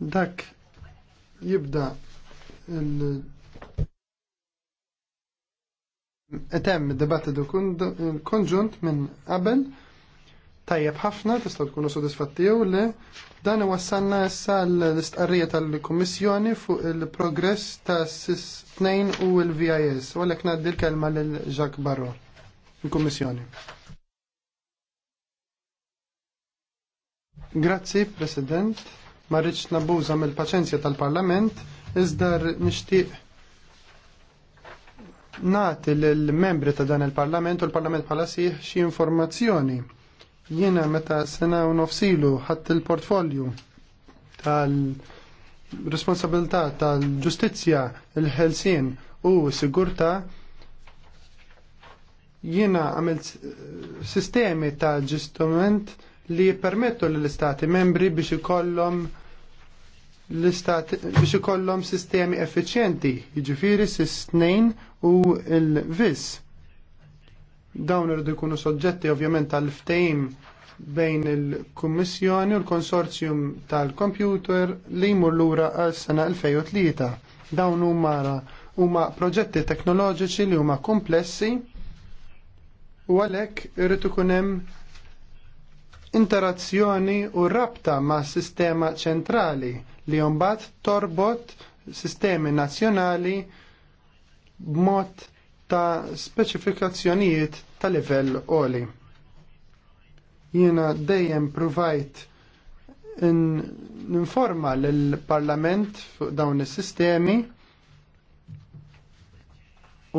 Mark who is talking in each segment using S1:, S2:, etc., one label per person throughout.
S1: Dak jibda il- Etem dibattitu konġunt minn qabel tajjeb ħafna tista' tkun sodisfattiju li dan wassalna issa l-istqarrija tal-Kummissjoni fuq il-progress ta' SIS-2 u l-VIS. U għalhekk ngħaddi l-kelma lil Jacques Barro, il-Kummissjoni. Grazzi, President ma rridx nabuża mill-paċenzja tal-Parlament iżda nixtieq nagħti lill-membri ta' dan il-Parlament u l-Parlament bħala sih xi informazzjoni. Jiena meta sena u nofsilu ħadd il-portfolju tal-responsabilità tal-ġustizzja, il-ħelsien u s-sigurtà jiena għamilt sistemi ta' ġistament li jippermettu l-istati membri biex ikollhom l istati biex ikollhom sistemi effiċjenti, jiġifieri sis-snejn u l-vis. Dawn irridu jkunu soġġetti ovvjament tal ftehim bejn il-Kummissjoni u l-Konsorzjum tal-Computer li jmur lura għal sena 2003. Dawn huma huma proġetti teknoloġiċi li huma komplessi u għalhekk irid ikun hemm interazzjoni u rabta ma' sistema ċentrali li jombat torbot sistemi nazzjonali b'mod ta' speċifikazzjonijiet ta' livell oli. Jiena dejjem provajt ninforma l-Parlament fuq dawn is-sistemi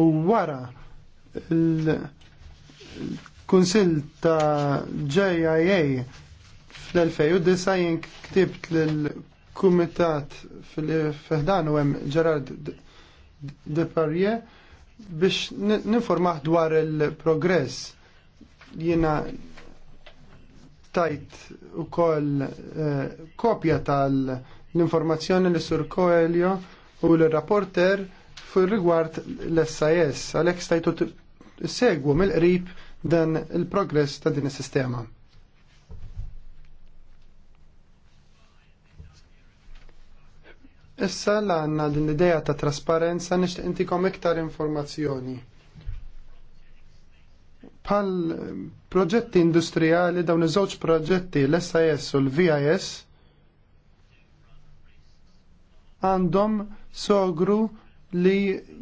S1: u wara l-jolli kunsil ta' JIA fl-2009 jien ktibt lill-kumitat fil-fehdan u hemm Gerard Depardieu biex ninformaħ dwar il-progress jiena tajt ukoll eh, kopja tal-informazzjoni li sur Coelho u l-rapporter fil rigward l-SIS għalhekk stajtu segwu mill-qrib dan il-progress ta' din is-sistema. Issa la għanna din l-ideja ta' trasparenza nixtieq intikom iktar informazzjoni. Pal proġetti industrijali dawn iż-żewġ proġetti l-SIS u l-VIS għandhom sogru li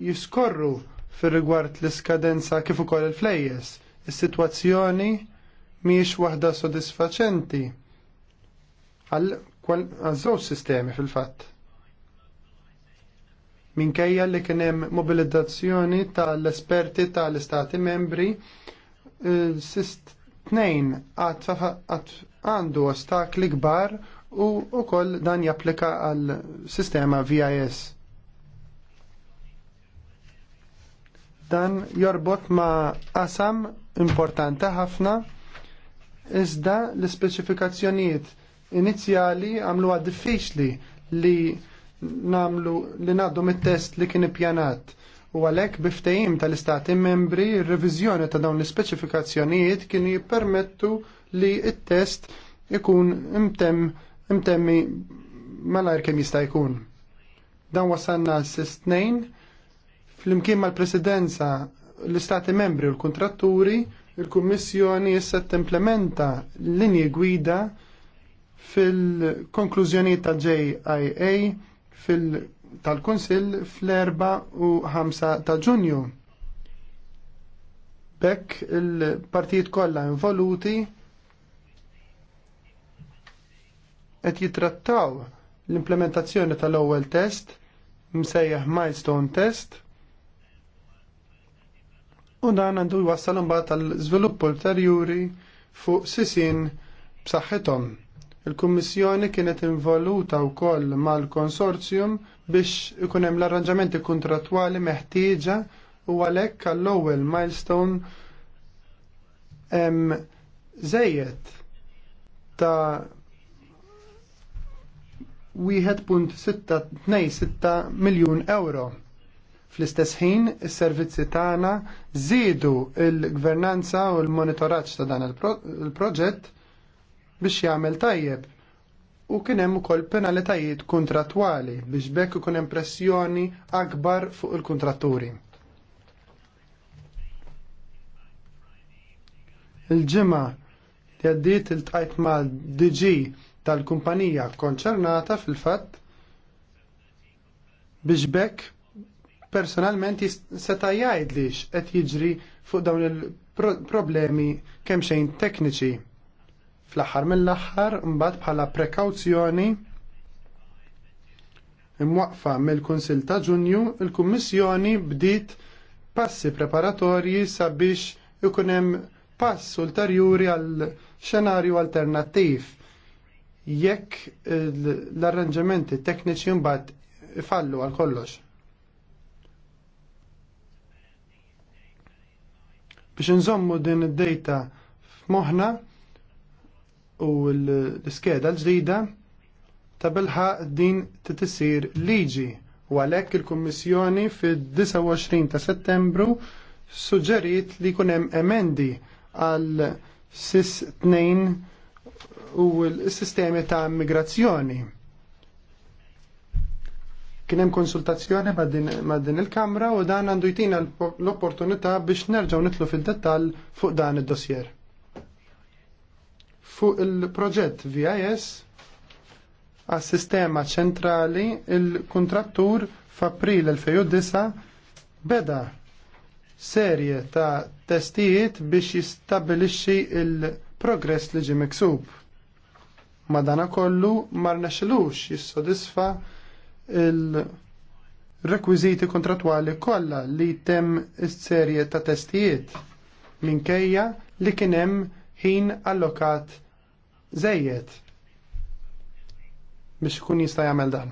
S1: jiskorru fir rigward l-iskadenza kif ukoll il-flejjes Is-sitwazzjoni mhijiex waħda sodisfaċenti għal żewġ sistemi fil-fatt. Minkejja li kien hemm mobilizzazzjoni tal-esperti tal-istati membri, eh, sist tnejn għad għandu ostakli kbar u wkoll dan japplika għal sistema VIS. Dan jorbot ma' qasam importanti ħafna iżda l-ispeċifikazzjonijiet inizjali għamluha diffiċli li namlu li naddu mit-test li kien ippjanat u għalhekk biftejim tal-istati membri r-reviżjoni ta' dawn l-ispeċifikazzjonijiet kienu jippermettu li it-test ikun imtemm imtemmi malajr kemm jista' jkun. Dan wasanna s-snejn fl-imkien mal-presidenza l-Istati membri u l-kontratturi, il-Kummissjoni issa timplementa linje gwida fil-konklużjoni ta' JIA tal-Konsil fl-4 u 5 ta' Ġunju. Bekk il-partijiet kollha involuti qed jitrattaw l-implementazzjoni tal-ewwel test msejjaħ milestone test u dan għandu jwassal imbagħad tal-żvilupp ulterjuri fuq sisin b'saħħithom. Il-Kummissjoni kienet involuta wkoll mal-konsorzjum biex ikun hemm l-arranġamenti kontrattwali meħtieġa u għalhekk għall-ewwel milestone hemm żejjed ta' 1.626 miljun euro Fl-istess ħin, is-servizzi tagħna żiedu l-gvernanza u l-monitoraġġ ta' dan il-proġett biex jagħmel tajjeb u kien hemm ukoll penalitajiet kuntrattwali biex bekk ikun hemm pressjoni akbar fuq il kuntratturi Il-ġimgħa li għaddiet il-tqajt mal DG tal-kumpanija konċernata fil-fatt biex bekk personalment seta' jgħid li x'qed jiġri fuq dawn il-problemi kemm xejn tekniċi. Fl-aħħar mill-aħħar mbagħad bħala prekawzjoni imwaqfa mill-Kunsil ta' Ġunju, il-Kummissjoni bdiet passi preparatorji sabiex ikun hemm pass ulterjuri għal xenarju alternattiv jekk l-arranġamenti tekniċi mbagħad ifallu għal kollox. Biex nżommu din id-data f'moħħna u l-iskeda l-ġdida ta' bilħa din titissir liġi u għalhekk il-Kummissjoni fid-29 ta' Settembru suġġeriet li jkun hemm emendi għal SIS 2 u l-sistemi ta' migrazzjoni Kien hemm konsultazzjoni ma' din il-Kamra u dan għandu jtina l-opportunità biex nerġgħu nitlu fil-dettall fuq dan id-dossier. Fuq il-proġett VIS għas sistema ċentrali il-kontrattur f'April 2009 beda serje ta' testijiet biex jistabilixxi il-progress li ġi miksub madana kollu mar nexilux jissodisfa il-rekwiziti kontratwali kollha li tem is-serje ta' testijiet minkejja li kien hemm ħin allokat żejjed biex ikun jista' jagħmel dan.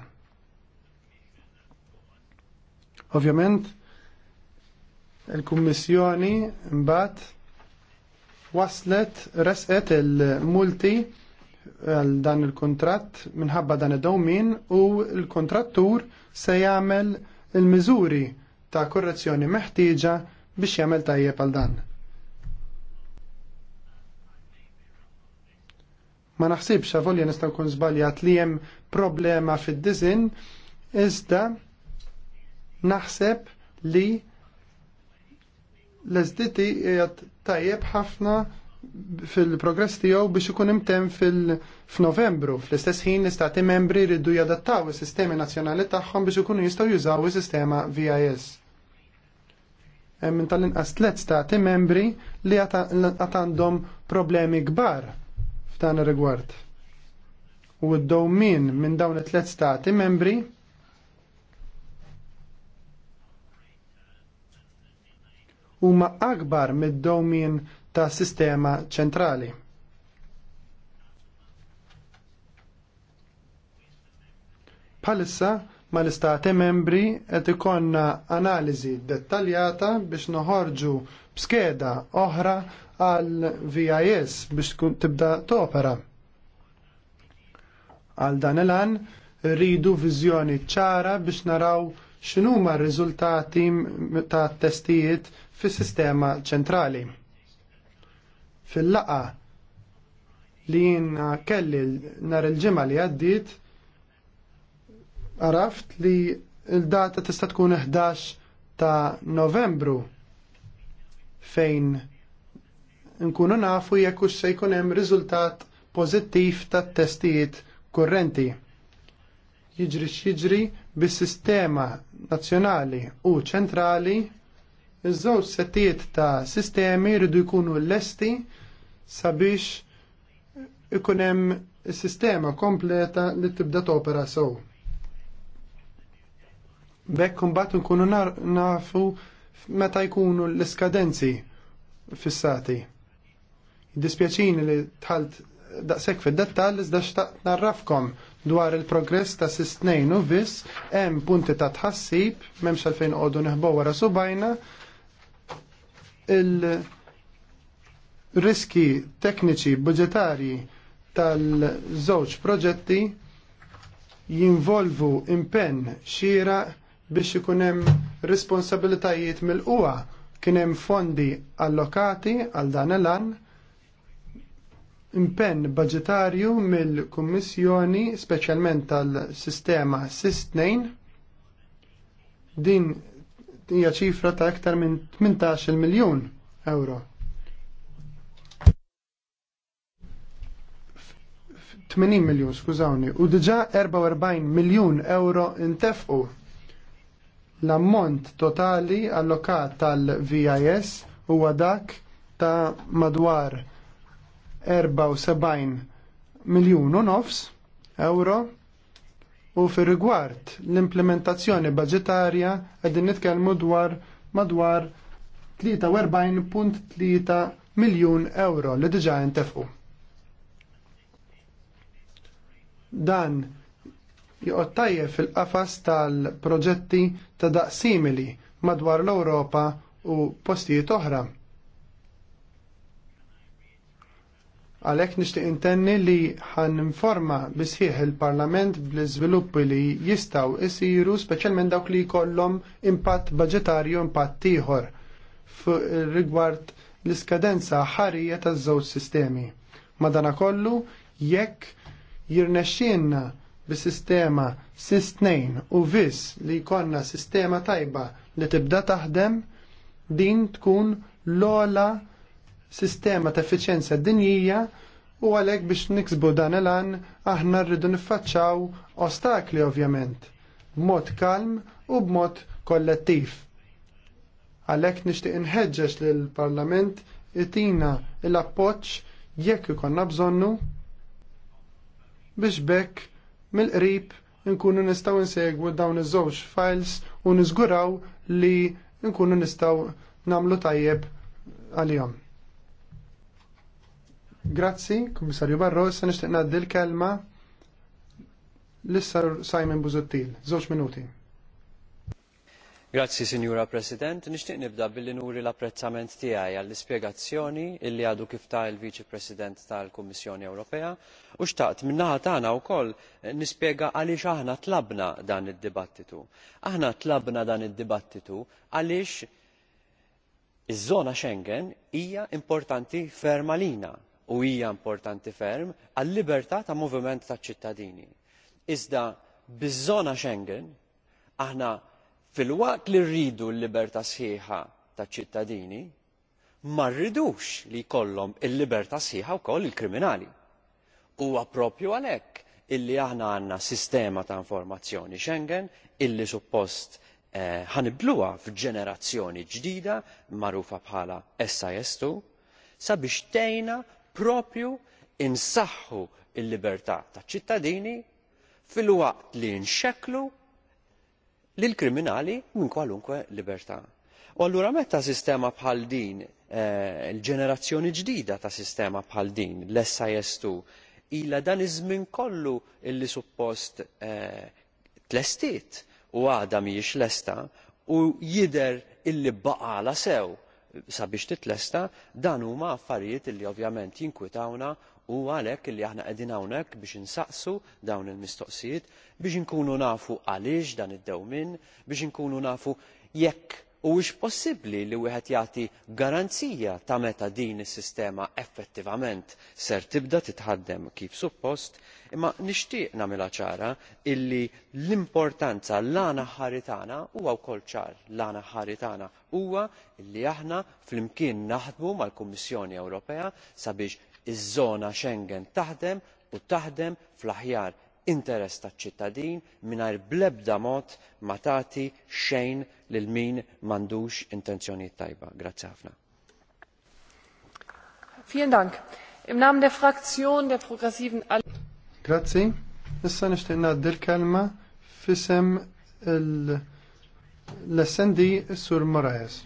S1: Ovvjament, il-Kummissjoni mbagħad waslet resqet il-multi għal dan il kontrat minħabba dan id-dawmin u l-kontrattur se jagħmel il-miżuri ta' korrezzjoni meħtieġa biex jagħmel tajjeb għal dan. Ma naħsibx avolja nistgħu kun żbaljat li hemm problema fid disinn iżda naħseb li l-eżditi tajjeb ħafna fil-progress tiegħu biex ikun imtemm fil-Novembru. Fl-istess ħin l-istati membri jridu jadattaw is-sistemi nazzjonali tagħhom biex ikunu jistgħu jużaw is-sistema VIS. Hemm eh, tal-inqas tliet stati membri li għat għandhom problemi kbar f'dan ir-rigward. U d-dowmin minn dawn it-tliet stati membri huma akbar mid-dowmin ta' sistema ċentrali. Bħalissa mal-istati membri qed ikonna analiżi dettaljata biex noħorġu b'skeda oħra għal VIS biex tkun tibda topera. Għal dan il-an rridu viżjoni ċara biex naraw x'inhuma r-riżultati ta' testijiet fis-sistema ċentrali fil-laqa li jina kelli nar il-ġimma li għaddit, għaraft li il-data tista' tkun 11 ta' novembru fejn nkunu nafu jekk se jkun hemm riżultat pożittiv tat-testijiet kurrenti. Jiġri x'jiġri bis-sistema nazzjonali u ċentrali Iż-żewġ settijiet ta' sistemi rridu jkunu lesti sabiex ikun hemm sistema kompleta li tibda topera sew. Bekk imbagħad nkunu nafu meta jkunu l-iskadenzi fissati. Dispjaċini li tħalt daqsek fil-dettal iżda xtaqt narrafkom dwar il-progress ta' sistnejn u viss hemm punti ta' tħassib m'hemmx għalfejn qogħdu neħbow wara subajna il-riski tekniċi budgetari tal-żewġ proġetti jinvolvu impenn xira biex ikun hemm responsabilitajiet mill-qwa kien hemm fondi allokati għal dan il-an impenn budgetarju mill-Kummissjoni speċjalment tal-sistema SIS-2 e din hija ċifra ta' aktar minn 18 miljun euro. 80 miljon, skużawni, u diġa 44 miljun euro intefqu l-ammont totali allokat tal-VIS huwa dak ta' madwar 74 miljun u nofs euro U fir rigward l-implementazzjoni budgetarja qegħdin nitkellmu dwar madwar 43.3 miljun euro li diġà ntefqu. Dan joqgħod tajjeb fil-qafas tal-proġetti ta' daqsimili madwar l-Ewropa u postijiet oħra Għalhekk nixtieq intenni li ħan informa bisħieħ il-Parlament bl izviluppi li jistgħu isiru speċjalment dawk li jkollhom impatt budgetarju impatt ieħor rigward l-iskadenza ħarija taż-żewġ sistemi. Madanakollu jekk jirnexxinna bis-sistema sistnejn u viss li jkollna sistema tajba li tibda taħdem din tkun l-ola sistema ta' effiċjenza dinjija u għalhekk biex niksbu dan elan aħna rridu niffaċċaw ostakli ovvjament, b'mod kalm u b'mod kollettiv. Għalhekk nixtieq inħeġġeġ lill parlament itina l-appoġġ jekk ikonna bżonnu biex bekk mill-qrib nkunu nistgħu nsegwu dawn iż-żewġ files u niżguraw li nkunu nistgħu nagħmlu tajjeb għalihom. Grazzi, Kommissarju Barro, issa nixtieq ngħaddi l-kelma l-issar Simon Buzuttil. Żewġ minuti.
S2: Grazzi, Sinjura President. Nixtieq nibda billi nuri l-apprezzament tiegħi għall-ispjegazzjoni illi għadu kif ta' il-Viċi President tal-Kummissjoni Ewropea u xtaqt min tagħna wkoll nispjega għaliex aħna tlabna dan id-dibattitu. Aħna tlabna dan id-dibattitu għaliex iż-żona Schengen hija importanti ferma lina u hija importanti ferm għal-libertà ta' moviment taċ-ċittadini. Iżda biż-żona Schengen aħna filwaqt li rridu l-libertà sħiħa taċ-ċittadini ma rridux li jkollhom il-libertà sħiħa wkoll il-kriminali. Huwa proprju għalhekk illi aħna għandna sistema ta' informazzjoni Schengen illi suppost eh, ħanibluha eh, f'ġenerazzjoni ġdida magħrufa bħala sis 2 sabiex propju insaħħu l libertà taċ-ċittadini filwaqt li nxekklu lill kriminali minn kwalunkwe libertà. u allura meta sistema bħal din eh, il-ġenerazzjoni ġdida ta' sistema bħal din l essa jestu ilha dan iż-żmien kollu illi suppost eh, tlestiet u għadha mhijiex lesta u jidher illi baqala sew sabiex titlesta dan huma affarijiet li ovvjament jinkwetawna u għalhekk illi aħna qegħdin hawnhekk biex insaqsu dawn il-mistoqsijiet biex inkunu nafu għaliex dan id dewmin biex inkunu nafu jekk huwiex possibbli li wieħed jagħti garanzija ta' meta din is-sistema effettivament ser tibda titħaddem kif suppost imma nixtieq nagħmilha ċara illi l-importanza l għana ħaritana huwa wkoll ċar l għana ħaritana huwa li aħna flimkien naħdmu mal-kummissjoni ewropea sabiex iż-żona schengen taħdem u taħdem fl-aħjar interess taċ-ċittadin mingħajr bl-ebda mod ma tagħti xejn lil min m'għandux intenzjonijiet tajba. Grazzi ħafna.
S1: Vielen Dank. Im Namen der Fraktion der Progressiven Grazzi. Issa nixtieq ngħaddi l-kelma fisem l-SND Sur Moraes.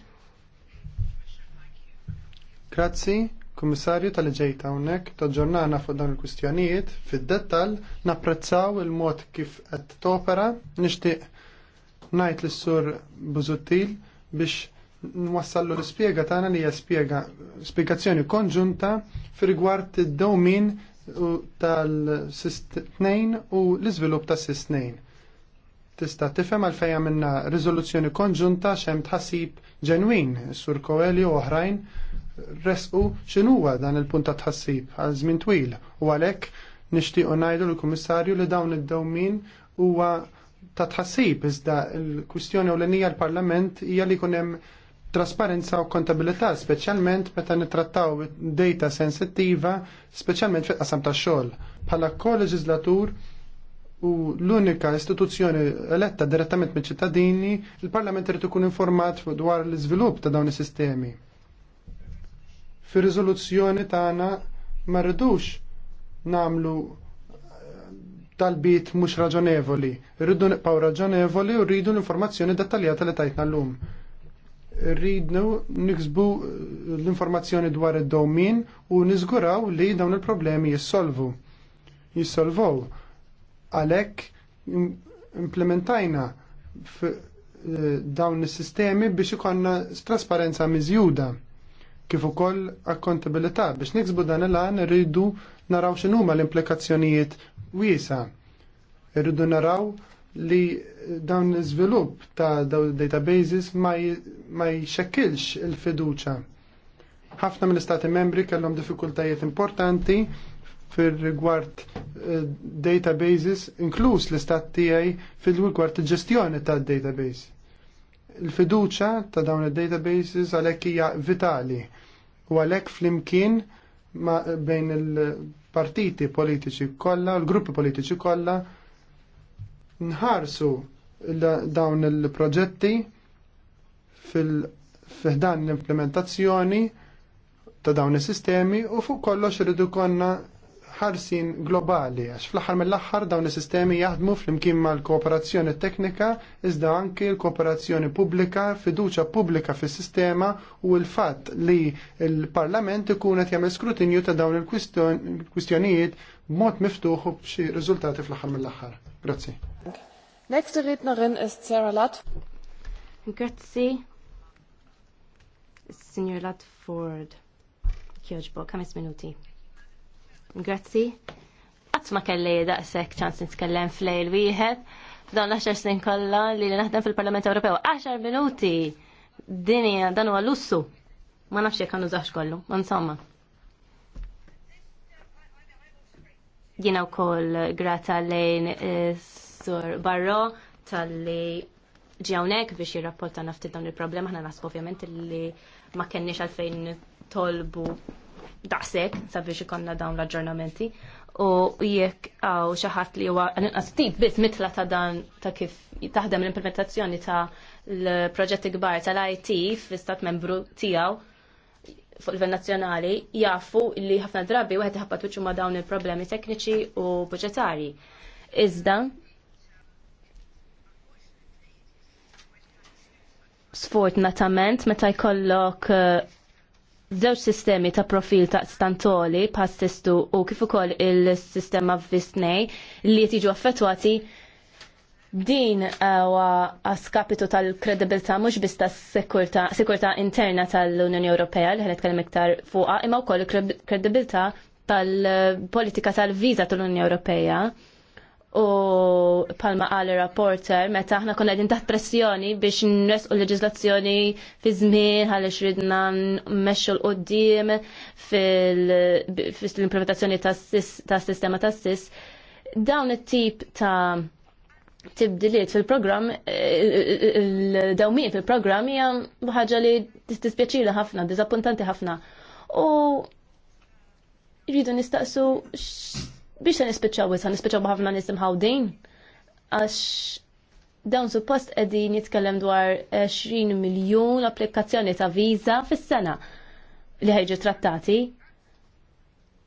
S1: Grazzi, Kummissarju tal-ġejta hawnhekk taġġornana fuq dawn il-kwistjonijiet fid-dettall napprezzaw il-mod kif qed topera nixtieq ngħid lis-sur Buzuttil biex nwassallu l-spiega tagħna li hija spjegazzjoni konġunta fir rigward id-dawmin tal-SIS-2 u l-izvilup ta' SIS-2. Tista' tifhem għal għamilna minna riżoluzzjoni konġunta xem tħassib ġenwin sur Koeli u oħrajn resqu x'inhuwa dan il-punt ta' tħassib għal żmien twil u għalhekk nixtiequ ngħidu l-Kummissarju li dawn id-dewmin huwa ta' tħassib iżda l-kwistjoni ewlenija l-Parlament hija li jkun hemm trasparenza u kontabilità, speċjalment meta nittrattaw data sensittiva, speċjalment fil qasam ta' xogħol. Bħala koleġislatur u l-unika istituzzjoni eletta direttament mill ċittadini, il-Parlament irid ikun informat dwar l-iżvilupp ta' dawn is-sistemi. Fir-riżoluzzjoni tagħna ma rridux namlu eh, talbit mhux raġonevoli. Rridu nibqgħu raġonevoli u rridu l-informazzjoni dettaljata li tajtna llum rridnu niksbu l-informazzjoni dwar id-domin u niżguraw li dawn il-problemi jissolvu. Jissolvow. Għalek implementajna eh, dawn is-sistemi biex ikonna trasparenza miżjuda kif ukoll akkontabilità biex niksbu dan il-għan rridu naraw x'inhuma l-implikazzjonijiet wiesa. Irridu naraw li dawn l izvilup ta' daw databases ma, ma jxekkilx il-fiduċa. Ħafna mill-istati membri kellhom diffikultajiet importanti fir rigward eh, databases, inkluż l-istat tiegħi fil-rigward il-ġestjoni tad database. Il-fiduċa ta' dawn il-databases għalhekk hija vitali u għalhekk flimkien bejn il-partiti politiċi kollha, l-gruppi politiċi kollha, nħarsu dawn il-proġetti fil-fihdan l-implementazzjoni ta' dawn is-sistemi u fuq kollox rridu konna ħarsin globali għax fl-aħħar mill-aħħar dawn il sistemi jaħdmu flimkien mal-kooperazzjoni teknika iżda anki l-kooperazzjoni pubblika, fiduċa pubblika fis-sistema u l-fatt li l-Parlament ikun qed jagħmel skrutinju ta' dawn il-kwistjonijiet b'mod miftuħ u b'xi riżultati fl-aħħar mill-aħħar. Grazzi.
S3: Nächste Rednerin ist Sarah Lutt. Grazie, Signor Ludford. Kjoġbo, kamis minuti. Grazie. Għat ma kelli daqsek ċans nitkellem fl-lejl wieħed. F'dawn l-10 snin kollha li naħdem fil-Parlament Ewropew 10 minuti. Dinja dan huwa lussu. Ma nafx jekk nużax kollu, ma insomma. Jiena wkoll grata lejn is Sur Barro tal-li ġewnek biex jirrapporta nafti dawn il-problema, ħna nasbu ovvjament li ma kenniex għalfejn tolbu daqsek sabiex ikonna dawn l-aġġornamenti u jekk għaw xaħat li huwa għanqas ftit biss mitla ta' dan ta' kif taħdem l-implementazzjoni ta' l-proġetti kbar tal-IT fl-istat membru tiegħu fuq livell nazzjonali jafu li ħafna drabi wieħed iħabbat wiċċu ma' dawn il-problemi tekniċi u budġetarji. Iżda sfortunatament meta jkollok eh, żewġ sistemi ta' profil ta' stantoli pas testu u kif ukoll il-sistema visnej li tiġu affettwati din huwa skapitu tal-kredibilità mhux biss tas-sikurtà interna tal-Unjoni Ewropea li ħanet kellem iktar fuqha imma wkoll il-kredibilità tal-politika tal-viża tal-Unjoni Ewropea U palma għal rapporter, meta aħna konna għedin taħt pressjoni biex nres u leġizlazzjoni fi żmien għaliex ridna meċu l-qoddim fil-implementazzjoni tas sistema tas sis. Dawn it-tip ta' tibdiliet fil-programm, eh, eh, eh, dawmin fil-programm hija ħaġa li tispjaċila ħafna, diżappuntanti ħafna. U jridu nistaqsu biex ta' nispiċċaw issa nispiċċaw ħafna nisim imħawdin għax dawn suppost qegħdin jitkellem dwar 20 miljun applikazzjoni ta' viża fis-sena li ħejġu trattati.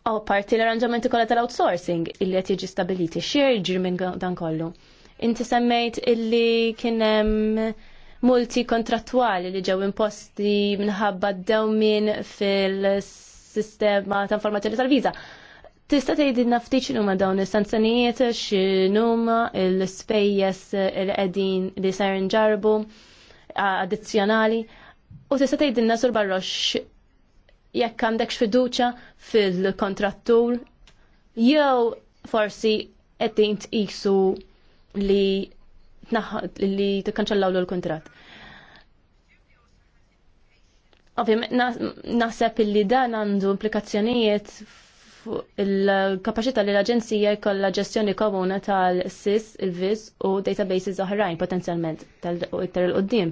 S3: Aw parti l-arranġamenti kollha tal-outsourcing illi qed jiġi stabiliti xirġir minn dan kollu. Inti semmejt illi kien hemm multi kontrattwali li ġew imposti minħabba d dawmin fil-sistema ta' informazzjoni tal-viża Tista' tgħidilna ftit x'inhuma dawn is sanzanijiet x'inhuma l-ispejjeż li qegħdin li ser nġarbu addizzjonali u tista' tgħidilna sur barrox jekk għandek fiduċa fil-kontrattur jew forsi qed tqisu li li tikkanċellaw l kuntratt Ovvijament, naħseb illi dan għandu implikazzjonijiet il-kapacità li l-Aġenzija jkollha ġestjoni komuna tal-SIS, il-VIS u databases oħrajn potenzjalment tal-iktar il-qoddim.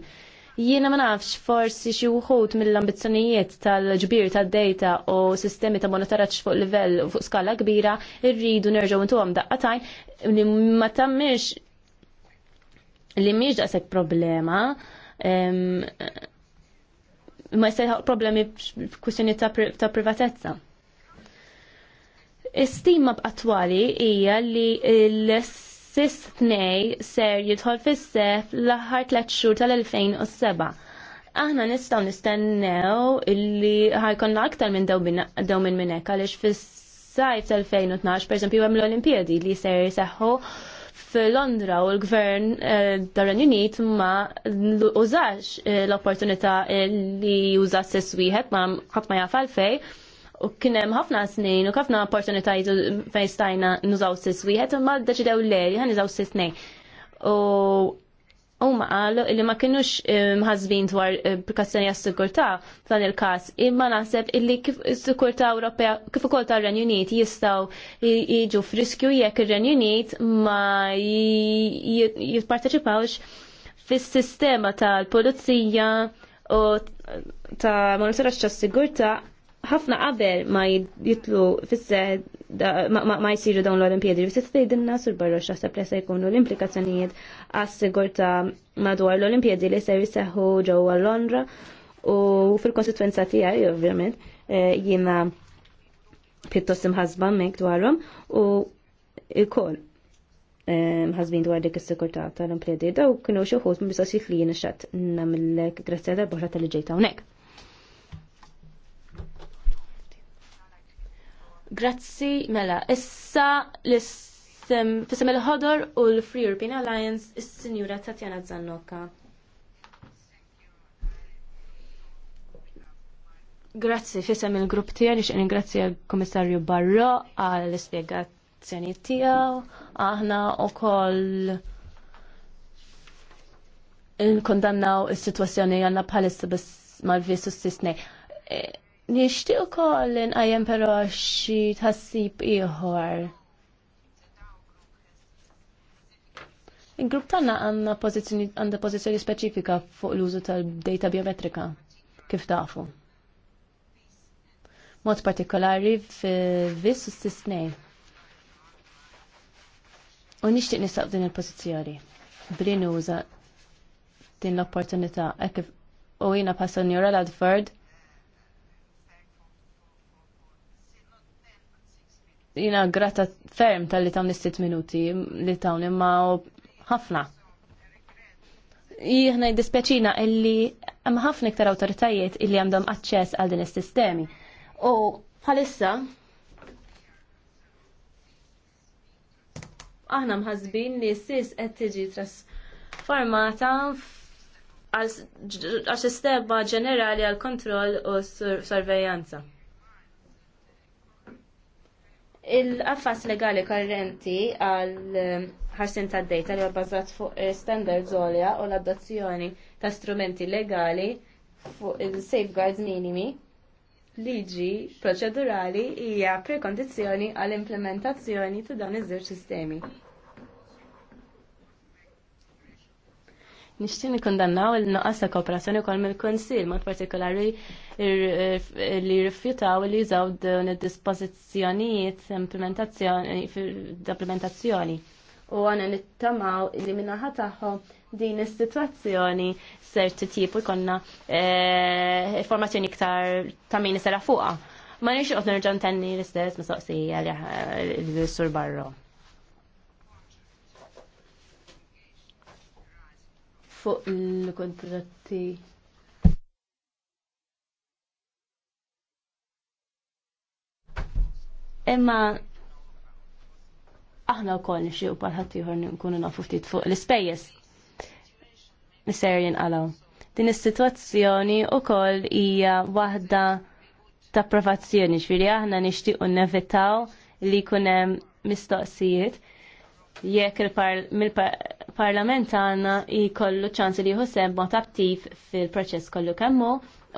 S3: Jiena ma nafx forsi xi wħud mill-ambizzjonijiet tal-ġbir tad-data u sistemi ta' monitoraġġ fuq livell fuq skala kbira rridu nerġgħu intuhom daqqatajn li ma tammix li mhix daqshekk problema ma jsejħaq problemi f'kwistjoni ta' privatezza. Istima b'attwali hija li l sistnej ser jidħol fis-sef l-aħħar tliet xhur tal-2007. Aħna nistgħu nistennew illi ħajkonna aktar minn daw minn minn hekk għaliex fis-sajf tal-2012 pereżempju hemm l-Olimpjadi li ser seħħu f'Londra u l-gvern eh, tar-Renju Unit ma użax eh, l-opportunità eh, li juża s-sess wieħed ma ħadd ma jaf għalfejn u kienem ħafna snin u ħafna opportunitajiet fejn stajna nużaw sis wieħed imma ddeċidew le ħan nużaw s nej. U huma qalu li ma kinux eh, mħazbin dwar eh, kastjoni għas-sigurtà f'dan il-każ, imma naħseb illi kif is-sigurtà Ewropea kif ukoll tar-Renju Unit jistgħu jiġu f'riskju jekk ir-Renju Unit ma jipparteċipawx fis-sistema tal-pulizija u ta' monitoraċċa tas-sigurtà ħafna qabel ma jitlu fisse ma jisiru dawn l-Olimpijadi, fisse tgħidilna sur barra x'aħseb li se jkunu l-implikazzjonijiet għas-sigurta madwar l-Olimpijadi li se jseħħu ġewwa Londra u fil-konsekwenza tiegħi ovvjament eh, jiena pjuttost imħasba mek dwarhom u ikoll eh, ħazbin dwar dik is-sigurtà tal-impjedi daw kienu xi ħud minn bisos jiflijin jien xatt nagħmellek grazzja darba tal ġejta ġejt hawnhekk. Grazzi, mela, issa l-isem il-ħodor u l-Free European Alliance is-Sinjura Tatjana Zannoka. Grazzi, fissem il-grupp tiegħi nixtieq ningrazzja l komissarju Barro għall spiegazzjoni tiegħu. Aħna wkoll kondannaw is-sitwazzjoni għanna bħalissa biss mal-visu s-sisnej Nishtiq ukoll għajem però xi tħassib ieħor. Il-grupp tagħna għandna pożizzjoni għandha pożizzjoni speċifika fuq l-użu tal-data biometrika kif tafu. Mod partikolari f'vis u stisnej. U nixtieq nistaq din il-pożizzjoni bli nuża din l-opportunità hekk u jiena passa Njura Ladford jina grata ferm tal-li ta' nistit minuti li tawn imma ħafna. Jihna jiddispjaċina illi hemm ħafna iktar awtoritajiet illi għandhom aċċess għal din is-sistemi. U bħalissa aħna mħazbin li s-sis qed tiġi trasformata għal sistema ġenerali għal kontroll u sorvejjanza. Il-qaffas legali korrenti għal ehm, ħarsin ta' data li għabbażat fuq standards zolja u l-adozzjoni ta' strumenti legali fuq il-safeguards minimi liġi proċedurali hija prekondizzjoni għall-implementazzjoni ta' dawn iż-żewġ sistemi. Nixtini kondannaw il-naqas ta' kooperazzjoni wkoll mill-Kunsil, mod partikolari li rifjutaw li jizaw dawn id-dispożizzjonijiet implementazzjoni u għana nittamaw li minnaħa tagħhom din is-sitwazzjoni ser titjib u jkollna eh, informazzjoni iktar ta' min fuqha. Ma nix qed nerġa' tenni l-istess mistoqsija li eh, sur barro. fuq il-kontratti Imma aħna wkoll nixtiequ bħal ħadd ieħor nkunu nafu ftit fuq l-ispejjeż. Miser jinqalgħu. Din is-sitwazzjoni wkoll hija waħda ta' approvazzjoni, ġifieri aħna nixtiequ nevitaw li jkun hemm mistoqsijiet jekk il- parlament għanna jikollu ċansu li jħosseb mod attiv fil-proċess kollu kemmu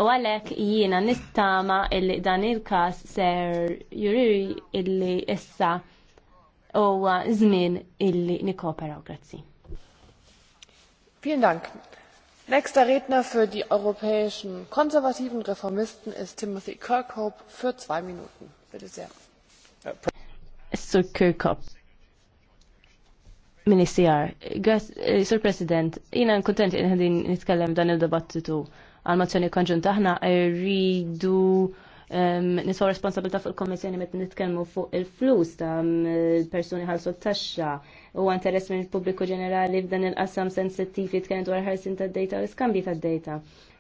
S3: u għalek jiena nistama illi dan il-kas ser juri illi issa u zmin illi nikoperaw. Grazzi.
S1: Vielen Dank. Nächster Redner für die europäischen konservativen Reformisten ist Timothy Kirkhope für zwei Minuten. Bitte sehr.
S3: Sir Kirkhope. Ministjar, eh, Sir President, jina kontent għedin nitkellem dan il-dibattitu għal-mazzjoni konġunta ħna rridu nisaw responsabilta fuq il-Komissjoni met nitkellmu fuq il-flus ta' persuni ħalsu t-taxxa u interess minn il-pubbliku ġenerali f'dan il-qasam sensittiv jitkellem dwar ħarsin tad data u l-iskambji tad-dejta.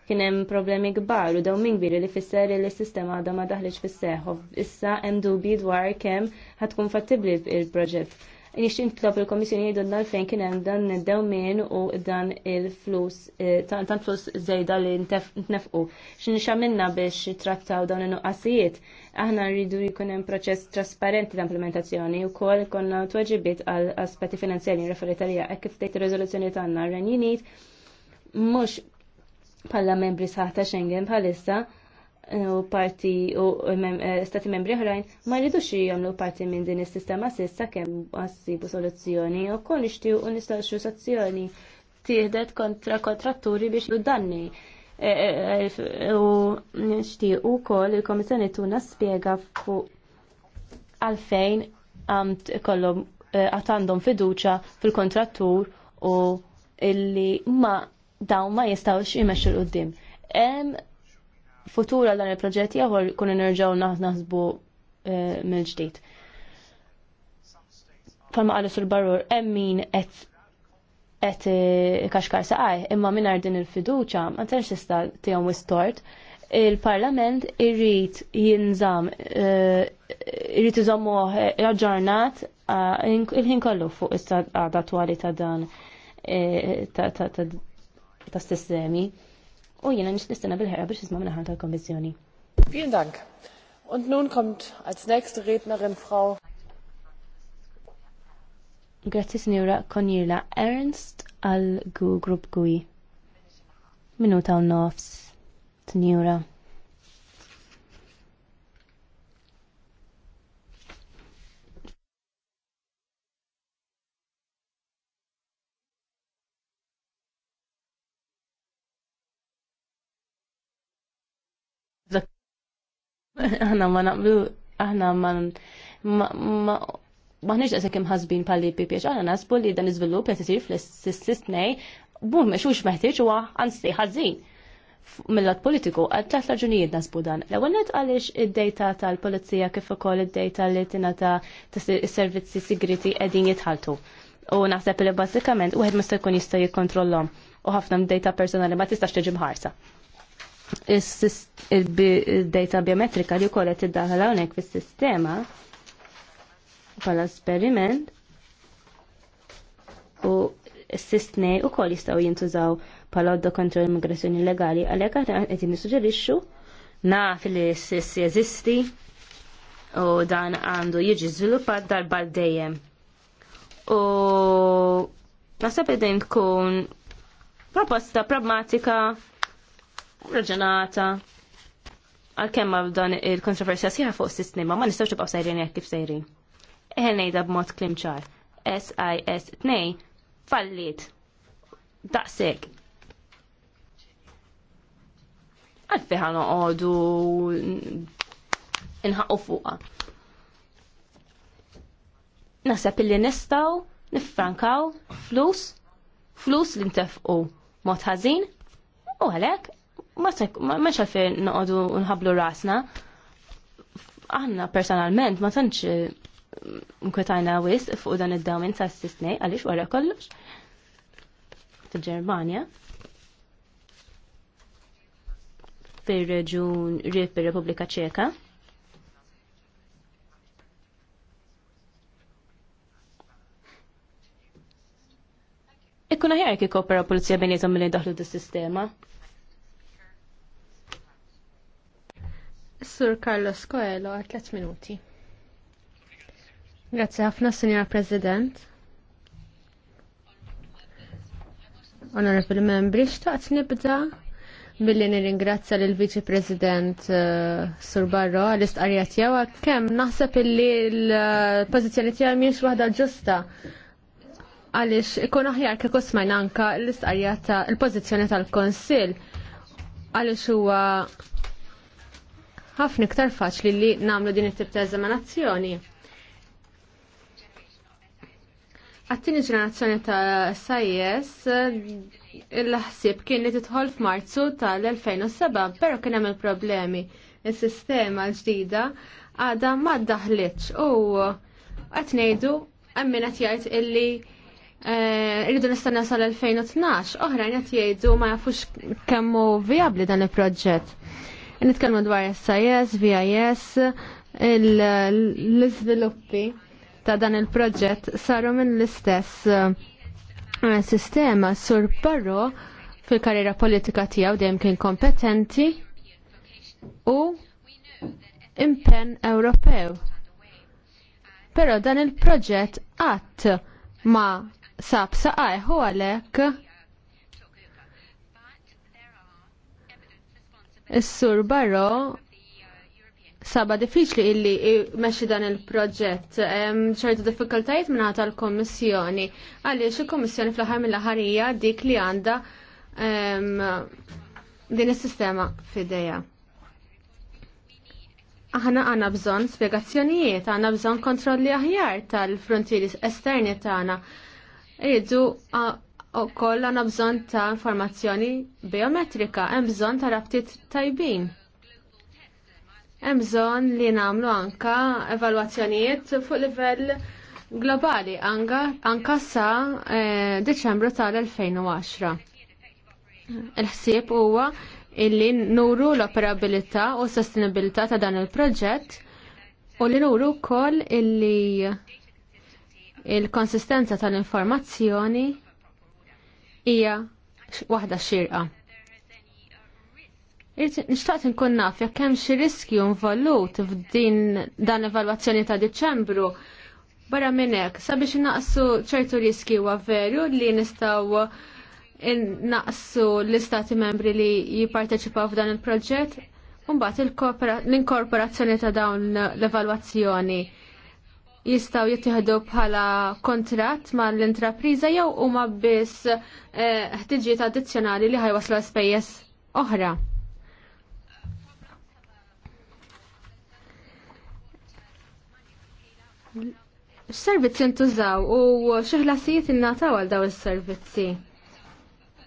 S3: Kien hemm problemi kbar u daw minn kbiri li fisser li s-sistema għadha ma daħliġ fis-seħħ. Issa hemm dubji dwar kemm ħatkun fattibbli il-proġett nix intlob il-Komissjoni jidunna fejn kien hemm dan id-dewmien u dan il-flus eh, tant flus żejda li ntnefqu. X'in xamilna biex trattaw dawn il nuqqasijiet Aħna rridu jkun hemm proċess trasparenti ta' implementazzjoni kol konna tweġibiet għal aspetti finanzjali referita li Ek kif tgħid ir-riżoluzzjoni tagħna r-Renju mhux bħala membri saħta ta' Schengen bħalissa u parti u eh, eh, stati membri oħrajn ma jridux jagħmlu parti minn din is-sistema s'issa kemm għassibu soluzzjoni u kon nixtiequ u nistaxxu sazzjoni tieħdet kontra kontratturi biex u danni. Eh, u nixtiequ ukoll il-Komissjoni tuna spjega fuq għalfejn għamt kollom għatandhom fiduċa fil-kontrattur u illi ma dawn ma jistawx imexxu l-qoddim futura dan il-proġett jahor kun nerġaw naħsbu eh, mill-ġdid. Palma għallu sul-barur, emmin et et eh, kaxkar saqaj, imma minar din il-fiduċa, ma tenx tista tijom wistort, il-parlament irrit jinżam, eh, irrit jizommu raġġornat il-ħin kollu fuq istat għada twali ta' dan ta' sistemi u jiena nix nistenna bil-ħera biex nisma' minnaħan tal-Kommissjoni.
S1: Vielen Dank. Und nun kommt als nächste Rednerin Frau
S3: Grazie Signora Conjela Ernst al Gu Group GUI. Minuta un nofs, Signora. Aħna ma naqblu, aħna ma ma ħniġ daqsek imħazbin pali pipi, aħna nasbu li dan iżvilupp qed isir fl-sistnej buh mexux meħtieġ huwa ansi ħażin. Millat politiku għad tlet raġunijiet nasbu dan. L-ewwel net għaliex id-dejta tal-pulizija kif ukoll id-dejta li tingħata tas-servizzi sigriti qegħdin jitħaltu. U naħseb li bażikament wieħed mista' jkun jista' jikkontrollhom u ħafna mdejta personali ma tistax tiġi mħarsa il-data biometrika li wkoll qed iddaħħal hawnhekk fis-sistema bħala esperiment u s-sistnej u koll jistaw jintużaw bħala odda kontra l-immigrazzjoni legali għalhekk qed nissuġġerixxu naf li s-siss jeżisti u dan għandu jiġi żviluppat darba dejjem. U nasab tkun proposta pragmatika raġunata għal-kemm ma dan il-kontroversja siħa fuq s-sistema ma nistgħux tibqgħu sejrin jekk kif sejrin. Eħel nejda b'mod klim ċar. SIS2 fallit daqshekk. Għal ħa noqogħdu inħaqqu fuqha. Naħseb illi nistgħu niffrankaw flus, flus li ntefqu mod ħażin u għalhekk ma meċa fejn noqogħdu nħablu rasna. Aħna personalment ma tantx mkwetajna eh, wis fuq dan id-dawmin sa' s-sisnej għaliex wara kollox. Fil-Ġermanja. Fir-reġun Rip Repubblika Ċeka. Ikkuna ħjar kikopera polizija bejnietom mill-li daħlu d-sistema.
S4: Sur Carlos Coelho għal 3 minuti. Grazie ħafna, Signor President. Onorevoli membri, xtaqt nibda billi nirringrazzja lil viċi President eh, Sur Barro għall-istqarrija tiegħu kemm naħseb illi l-pożizzjoni tiegħu mhijiex waħda ġusta għaliex ikun aħjar kieku smajn anka l istqarja ta' l-pożizzjoni tal-Konsill għaliex huwa ħafna iktar faċli li namlu din it-tip ta' eżaminazzjoni. Għattini ġenerazzjoni ta' SIS il-ħsib kien li titħol f'Marzu tal-2007, pero kien hemm il-problemi. Il-sistema l-ġdida għada ma daħlitx u qed ngħidu hemm min qed jgħid illi eh, rridu nistennew sal-2012, oħrajn qed jgħidu ma jafux kemm hu vijabbli dan il-proġett. Nitkellmu dwar SIS, VIS, l-iżviluppi ta' dan il-proġett saru minn l-istess eh, sistema sur barro fil-karriera politika tiegħu dejjem kien kompetenti u impenn Ewropew. Però dan il-proġett qatt ma sab saqajħu għalhekk Is-Sur Barro saba diffiċli illi meċi dan il-proġett. ċertu diffikultajiet minna tal komissjoni Għaliex il komissjoni fl-ħar mill-ħar hija dik li għandha din is-sistema fideja. Aħna għanna bżon spiegazzjonijiet, għanna bżon kontrolli aħjar tal-frontieri esterni tagħna. Irridu u koll għana bżon ta' informazzjoni biometrika, hemm bżon ta' rabtiet tajbin. Hemm bżon li namlu anka evalwazzjonijiet fuq livell globali anka, anka sa eh, Deċembru tal-2010. Il-ħsieb huwa illi nuru l-operabilità u s-sostenibilità ta' dan il-proġett u li nuru wkoll illi il-konsistenza tal-informazzjoni hija waħda xirqa. Nishtaqt nkun naf jekk hemm xi riskju involut f'din dan l-evalwazzjoni ta' Diċembru barra minn hekk sabiex naqsu ċertu riski huwa veru li nistgħu naqsu l-istati membri li jipparteċipaw f'dan il-proġett u mbagħad l-inkorporazzjoni ta' dawn l-evalwazzjoni jistaw jittieħdu bħala kontrat ma l-intrapriża jew huma biss eh, ħtiġijiet addizzjonali li ħajwaslu spejjeż oħra. X-servizzi ntużaw u xi ħlasijiet innataw għal daw is-servizzi.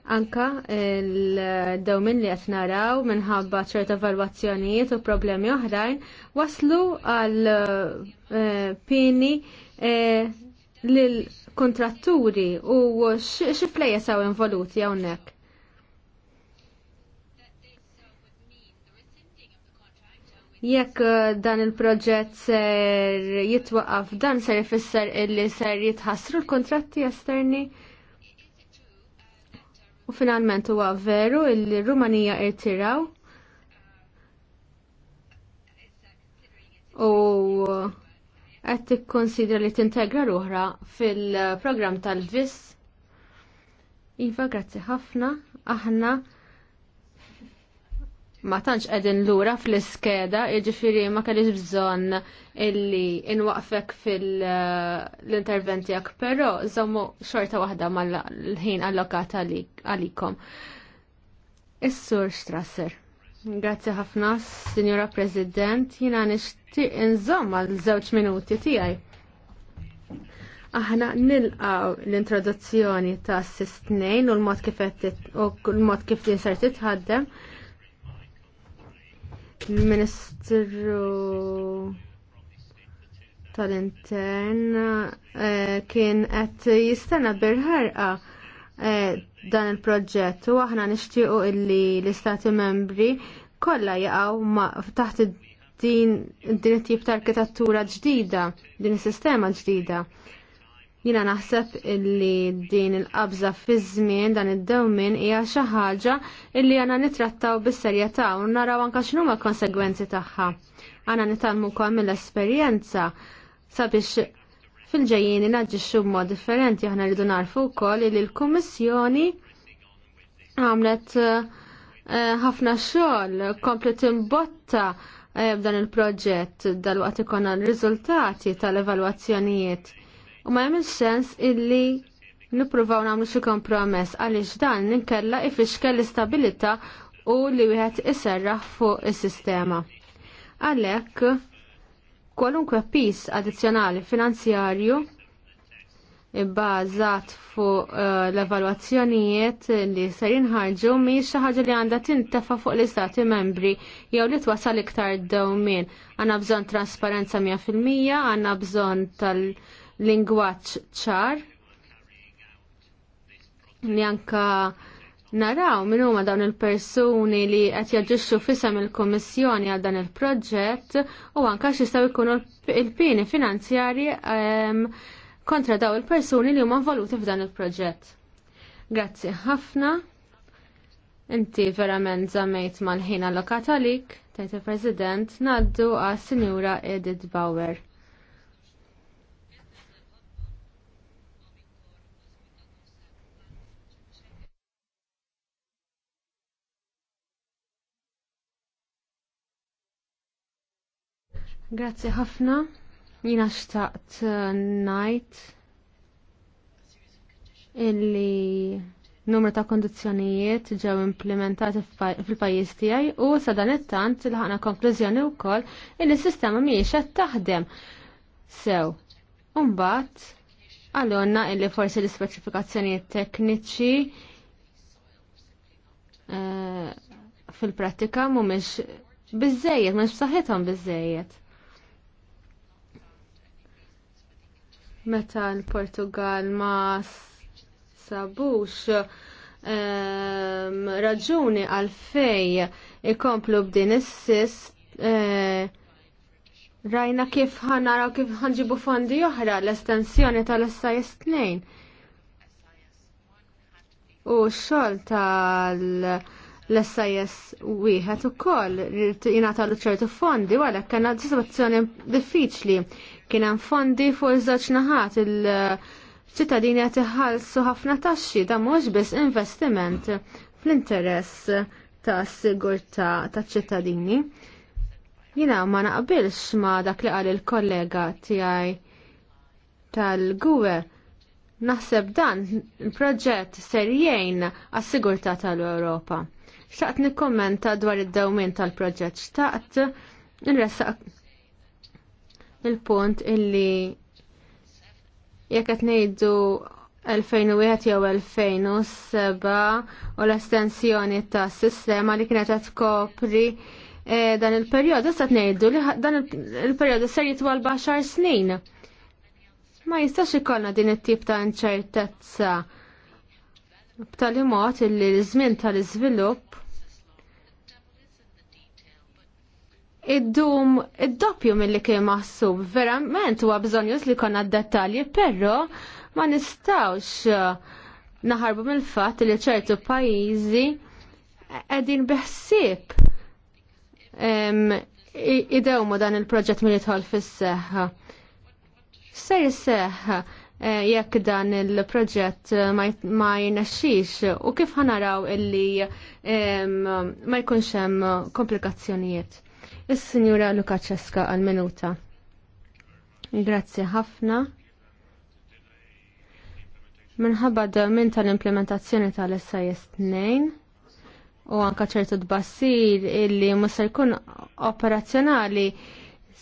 S4: Anka il-dawmin li qed naraw minħabba ċerta valwazzjonijiet u problemi oħrajn waslu għal eh, pini eh, lil kontratturi u xi saw involuti hawnhekk. Jekk eh, dan il-proġett ser jitwaqaf dan ser jfisser illi ser jitħassru l-kontratti esterni U finalment huwa veru li rumanija irtiraw u qed tikkonsidra li tintegra l-oħra fil-programm tal-VIS. Iva, grazzi ħafna. Aħna ma tantx qegħdin lura fl-iskeda, jiġifieri ma kellix bżonn illi inwaqfek fil-intervent uh, tiegħek, però żommu xorta waħda mal-ħin allokat għalikom. Is-Sur Strasser. Grazzi ħafna, Sinjora President, jiena nixtieq inżomm għal żewġ minuti tiegħi. Aħna nilqaw l-introduzzjoni ta' s qed u l-mod kif tinsar titħaddem il-Ministru tal-Intern eh, kien qed jistenna bil-ħarqa eh, dan il-proġett u aħna nixtiequ illi l-Istati membri kollha jaqgħu taħt din din tip ta' arkitettura ġdida, din is-sistema ġdida. Jina naħseb illi din il-qabża fi żmien dan id-dewmin hija xi ħaġa illi għana nitrattaw bis-serjetà u naraw anke x'numa konsegwenzi tagħha. Għana nitalmu wkoll mill-esperjenza sabiex fil-ġejjien naġġixxu b'mod differenti aħna rridu narfu wkoll li l-Kummissjoni għamlet eh, ħafna xogħol komplet imbotta b'dan eh, il-proġett dal-waqt ikonna r-riżultati tal-evalwazzjonijiet U ma jemil sens illi nipruvaw namlu xi kompromess għaliex dan ninkella ifixke l-istabilità u li wieħed iserraħ fuq is-sistema. Għalhekk kwalunkwe pis addizzjonali finanzjarju bbażat fuq uh, l-evalwazzjonijiet li ser jinħarġu mhijiex xi ħaġa li għandha tintefa' fuq l-istati membri jew li twasal iktar dewmien. Għandna bżonn trasparenza 100%, għandna bżonn tal- lingwaġġ ċar li anka naraw minnu huma dawn il-persuni li qed jaġixxu fisem il-Kummissjoni għal dan il-proġett u anke x'jistgħu jkunu il-pini finanzjarji ehm, kontra daw il-persuni li huma involuti f'dan il-proġett. Grazzi ħafna. Inti verament żamejt mal-ħin allokat għalik, tajt il-President, naddu għas-Sinjura Edith Bauer. Grazzi ħafna. Jina xtaqt uh, najt illi numru ta' kondizjonijiet ġew implementati fil-pajjiż tiegħi u sa dan it-tant ilħaqna konklużjoni wkoll li s-sistema mhijiex qed taħdem. Sew, mbagħad għalonna illi forsi l-ispeċifikazzjonijiet tekniċi uh, fil-prattika mhumiex biżejjed, mhux b'saħħithom biżejjed. meta l-Portugal ma sabux um, raġuni għalfej ikomplu b'din is-sis uh, rajna kif ħanaraw kif ħanġibu fondi oħra l-estensjoni tal-SIS 2 u x-xogħol tal- l-SIS wieħed ukoll li l ċertu fondi wara kellna sitwazzjoni diffiċli. Kien hemm fondi fuq iż-żewġ naħat il-ċittadini qed iħallsu ħafna taxxi da mhux biss investiment fl-interess tas-sigurtà taċ-ċittadini. Jiena ma naqbilx ma dak li qal il-kollega tiegħi tal-gwe naħseb dan il-proġett serjejn għas-sigurtà tal-Ewropa. Xtaqt nikkommenta dwar id-dawmin tal-proġett. Xtaqt nressaq il-punt illi jekk qed ngħidu 2001 jew 2007 u l-estensjoni ta' sistema li kienet qed tkopri eh, dan il-perjodu sa ngħidu li dan il-perjodu ser jitwal baxar snin. Ma jistax ikollna din it-tip ta' inċertezza b'tali mod li l-żmien tal-iżvilupp id-dum id-doppju mill-li kien maħsub. Verament huwa bżonjus li konna d-dettalji, però ma nistawx uh, naħarbu mill-fatt li ċertu pajjiżi qegħdin biħsieb idewmu dan il-proġett mill jidħol fis-seħħa. Sej seħħa Eh, jekk dan il-proġett eh, ma jnexxix u kif ħanaraw illi ma jkunx hemm komplikazzjonijiet. Is-Sinjura Luka Ċeska għal-minuta. Grazzi ħafna. Minħabba d-min tal-implementazzjoni tal-SIS 2 u anka ċertu tbassir illi musa jkun operazzjonali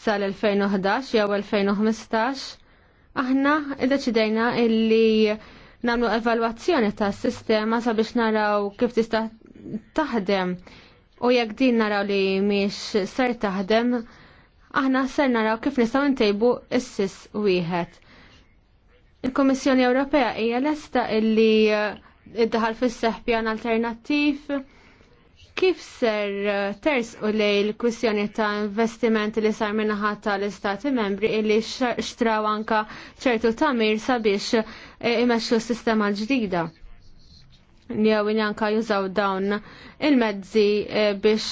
S4: sal-2011 jew 2015 Aħna deċidejna illi namlu evalwazzjoni ta' sistema sabiex naraw kif tista' taħdem u jekk din naraw li miex ser taħdem, aħna ser naraw kif nistgħu ntejbu s-sis wieħed. Il-Kommissjoni Ewropea hija lesta illi id-daħal fis seħħ pjan alternattiv Kif ser eh, ters u lej l-kwissjoni ta' investimenti li sar minnaħa tal-Istati membri illi xtraw anka ċertu tamir sabiex eh, imexxu s-sistema l-ġdida? Jew anka jużaw dawn il-mezzi eh, biex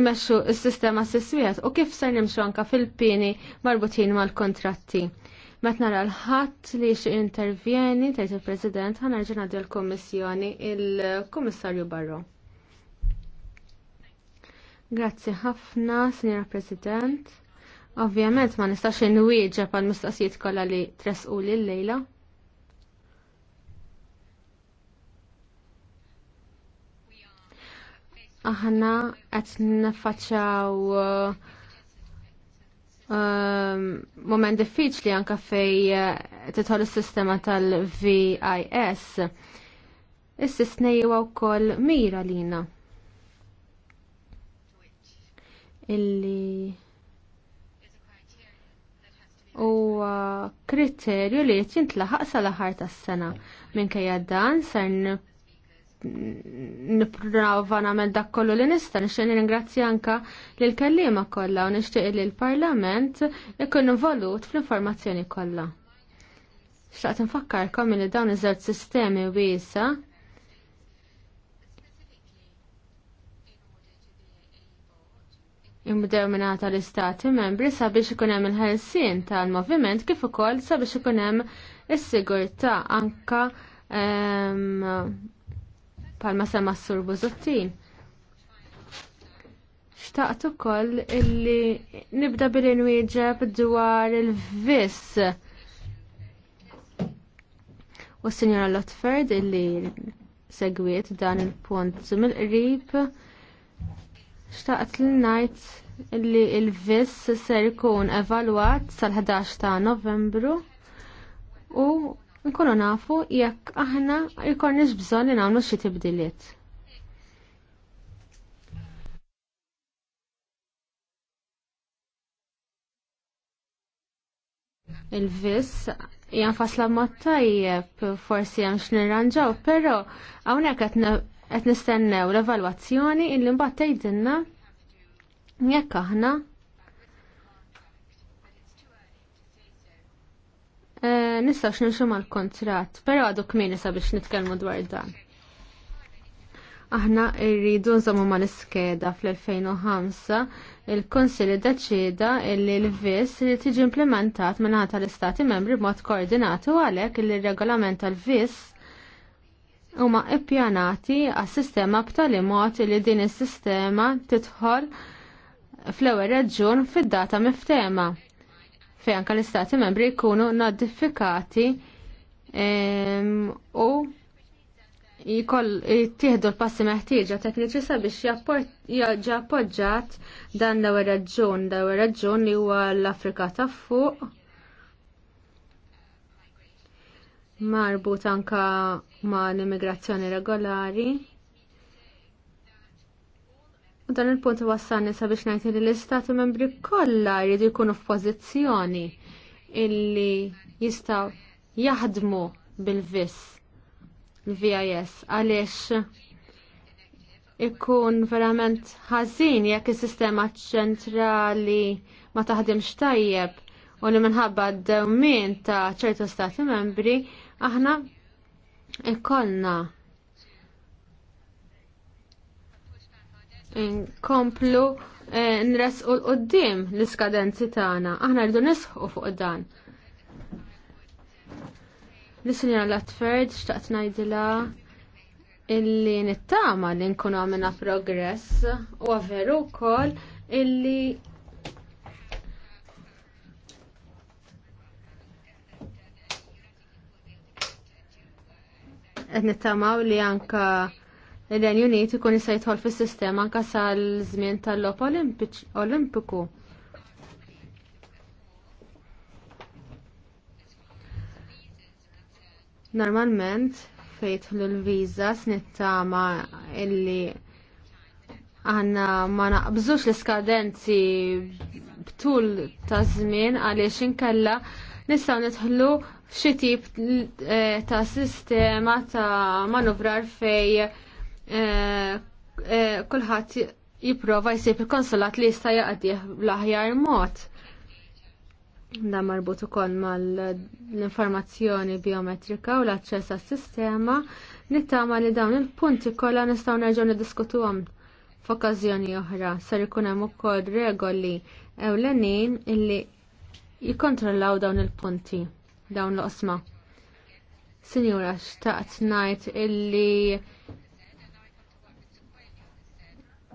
S4: imexxu s-sistema s-swiet u kif ser nimxu anka fil-pini marbutin mal-kontratti. Met nara l-ħadd li x intervjeni tgħid il-President ħa nerġa' l-Kummissjoni il-Kummissarju Barro. Grazzi ħafna, Sinjora President. Ovvjament ma nistax inwieġa pan mistoqsijiet kollha li tresqu l lejla. Aħna qed uh, Ehm, moment diffiċli anka fej eh, titħol is-sistema tal-VIS. Is-sisnej huwa wkoll mira lina. Illi u kriterju li jintlaħaq sal-aħħar tas-sena. Minkejja dan sarn nipprova namel dak kollu li nista' nixtieq nirringrazzja anka lil kellima kollha u nixtieq li l-Parlament ikun involut fl-informazzjoni kollha. Xtaqt infakkarkom li dawn iż-żewġ sistemi wiesa imdew minnata l-istati membri sabiex ikun hemm il-ħelsien tal-moviment kif ukoll sabiex ikun hemm is-sigurtà anka um, palma sema s-sur Buzuttin. Xtaqt ukoll illi nibda bil-inwieġeb dwar il viss u s-Sinjora Lotford illi segwiet dan il-punt mill-qrib xtaqt l najt li il viss ser ikun evalwat sal-11 ta' novembru u nkunu nafu jekk aħna jkollniex bżonn li nagħmlu xi tibdiliet. Il-vis fasla ma tajjeb forsi hemm x'nirranġaw, però hawnhekk qed nistennew l-evalwazzjoni li mbagħad tgħidilna jekk aħna Eh, nistax nixu mal-kontrat, pero għadu kmini sabiex nitkelmu dwar dan. Aħna irridu nżommu ma l-iskeda fl-2005 il-Konsili deċida li l-vis li tiġi implementat minn tal istati membri b'mod koordinatu għalhekk li regolament tal-vis huma ippjanati għas-sistema b'tali mod li din is-sistema tidħol fl-ewwel reġjun fid-data miftema fej anka l-istati membri jkunu notifikati u jikoll jittihdu l-passi meħtieġa tekniċi sabiex jaġġa dan l-ewwel raġun, l raġun li huwa l-Afrika ta' fuq. Marbut anka ma' l-immigrazzjoni regolari. U dan il-punt wassani sabiex ngħid li l-istati membri kollha jridu jkunu f'pożizzjoni illi jistgħu jaħdmu bil-vis l vis għaliex ikun verament ħażin jekk is-sistema ċentrali ma taħdimx tajjeb u li minħabba d-dewmien ta' ċertu stati membri aħna ikollna nkomplu eh, u l-qoddim l-iskadenzi tagħna. Aħna rridu nisħu fuq dan. L-Sinjora Latford xtaqt ngħidilha illi nittama li nkunu għamilna progress u veru wkoll illi qed nittamaw li anka l-Den Unit ikun jista' jidħol fis-sistema anke sal-żmien tal-lop Olimpiku. Normalment fejt l-viża snittama illi għanna ma naqbżux l-iskadenzi b'tul ta' żmien għaliex inkella nistgħu nidħlu f'xi tip eh, ta' sistema ta' manuvrar fej Eh, eh, kulħadd jipprova jsib il-konsulat li jista' jaqdih bl-aħjar mod. Da marbut ukoll mal-informazzjoni biometrika u l-aċċess għas-sistema nittama li dawn il-punti kollha nistgħu nerġgħu għom f'okkażjoni oħra ser ikun hemm ukoll regoli ewlenin illi jikkontrollaw dawn il-punti dawn l-qosma. Sinjura, xtaqt ngħid illi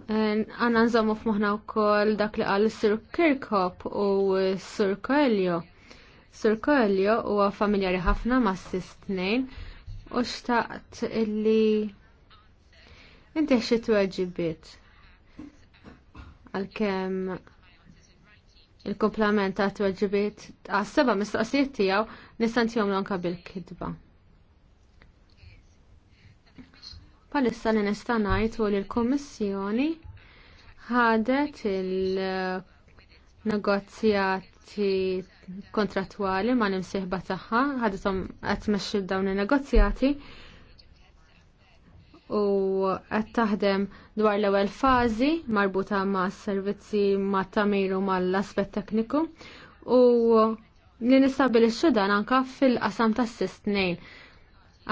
S4: Eh, għanna nżommu f-muħna u koll dak li għal Sir Kirkop u Sir Coelho. Sir Coelho huwa familjari ħafna ma' s-sistnejn u xtaqt illi inti xi tweġibiet kem il-komplement ta' tweġibiet għas-seba' mistoqsijiet tiegħu nistantihom l onka bil-kidba. Palissa li nista' ngħid u li l-Kummissjoni ħadet il-negozjati kontrattwali ma' nimsieħba tagħha, ħadethom qed tmexxi dawn in-negozjati u qed taħdem dwar l-ewwel fażi marbuta mas servizzi ma' u mal-aspett tekniku u li nistabilixxu dan anke fil-qasam tas-sistnejn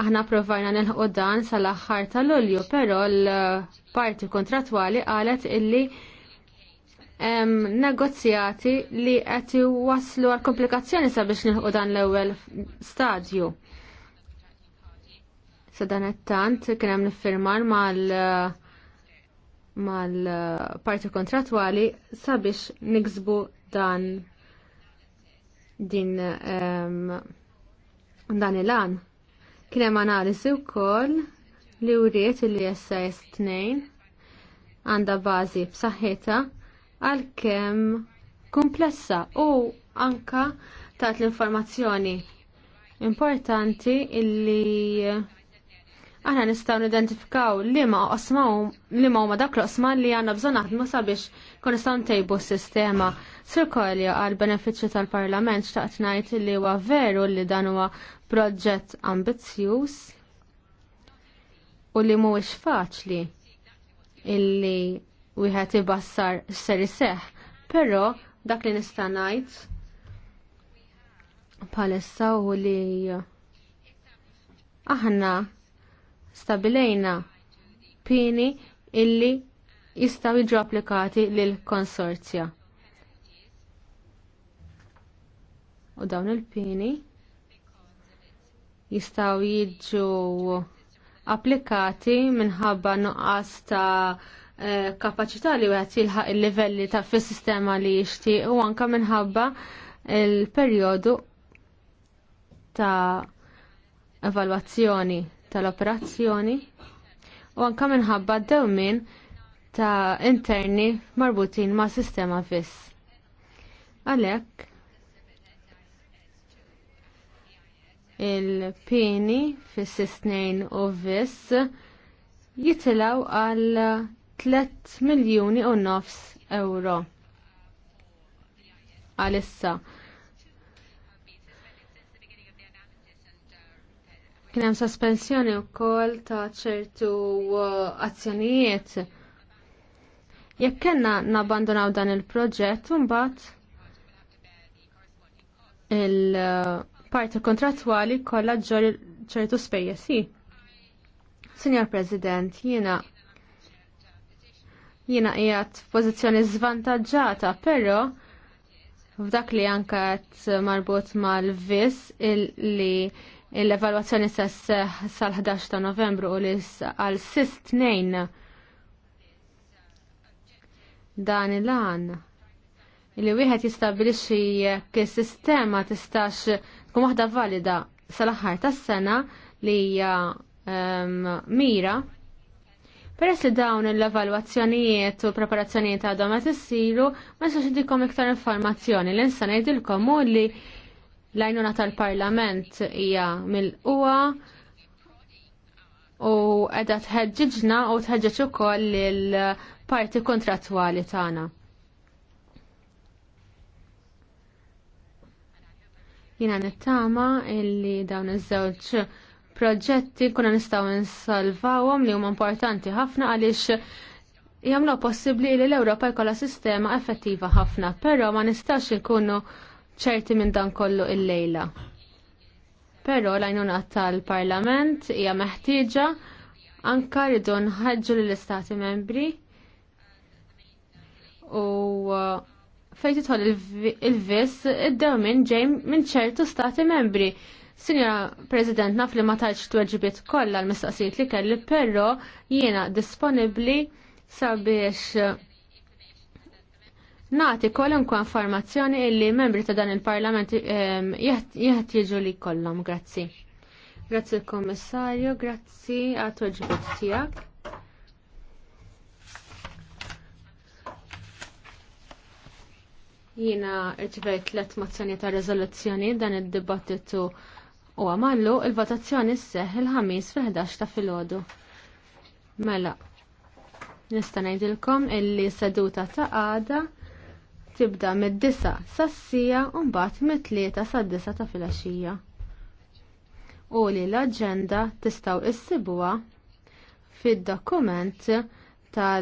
S4: Aħna provajna nelħu dan sal-aħħar tal-Lulju, però l-parti kontratwali qalet illi em, negozjati li qed waslu għal komplikazzjoni sabiex nilħu dan l-ewwel stadju. Sadan dan tant kien hemm niffirmar mal mal-parti kontratwali sabiex niksbu dan din um, dan il-an. Kien hemm analiżi wkoll li wriet li SIS 2 għandha bażi b'saħħitha għalkemm komplessa u anka tat l-informazzjoni importanti illi aħna nistgħu nidentifikaw li ma li ma huma dak l-osma li għandna bżonn naħdmu sabiex kon nistgħu ntejbu s-sistema. Sir Kolja għal benefiċċju tal-Parlament xtaqt ngħid li huwa veru li dan huwa proġett ambizzjuż u li mhuwiex faċli illi wieħed ibassar x'ser iseħħ, però dak li nista' ngħid palissa u li aħna stabilejna pini illi jistgħu jiġu applikati lil konsorzja. U dawn il-pini jistaw jiġu applikati minħabba nuqqas ta' eh, kapacità li għat jilħaq il-livelli ta' fis sistema li jixtieq u anka minħabba il-perjodu ta' evalwazzjoni tal-operazzjoni u anka minħabba d dewmien ta' interni marbutin ma' sistema fiss. Għalhekk il pini fis snejn u viss jitilaw għal 3 miljoni u nofs euro għalissa. Kien hemm sospensjoni wkoll ta' ċertu uh, azzjonijiet. Jekk kellna nabbandonaw dan il-proġett, mbagħad il- uh, parti kontrattwali kollha ġor ċertu spejjeż Signor President, jiena jiena jgħat pozizjoni żvantaġġata, però f'dak li anke marbut mal-vis li l-evalwazzjoni sal-11 ta' novembru u li għal sist tnejn dan il-għan. Li wieħed jistabilixi jekk il sistema tistax Kum waħda valida sal-aħħar tas-sena li hija ehm, mira Peress li dawn l-evalwazzjonijiet u l-preparazzjonijiet għadhom qed issiru, ma nistax idikom iktar informazzjoni li nista' ngħidilkom hu li l-għajnuna tal-Parlament hija mill-qwa u qiegħda tħeġġiġna u tħeġġeġ ukoll il-parti kontrattwali tagħna. Jina nittama illi dawn iż-żewġ proġetti kuna nistaw nsalvawhom li huma importanti ħafna għaliex jagħmlu possibbli li l-Ewropa jkollha sistema effettiva ħafna, però ma nistax ikunu ċerti minn dan kollu illejla. Però l-għajnuna tal-Parlament hija meħtieġa anka rridu nħaġġu lill istati membri u fejn titħol il-vis id-dew minn ġej minn ċertu stati membri. Sinjora President, naf li ma tarċ tweġibiet kollha l-mistaqsijiet li kelli, però jiena disponibbli sabiex nati kolunkwa informazzjoni illi membri ta' dan il-Parlament ehm, jieħed jiġu li kollam, Grazzi. Grazzi l-Kommissarju, grazzi għat tweġibiet tiegħek. Jina irċivejt let mozzjoni ta' rezoluzzjoni dan id-dibattitu u għamallu il-votazzjoni s-seħ il-ħamis fil-11 ta' filgħodu. Mela, nista' ngħidilkom illi seduta ta' għada tibda mid-disa sassija u mbagħad mit-tlieta sad-disa ta' filgħaxija. U li l-aġenda tistgħu issibuha fid-dokument ta'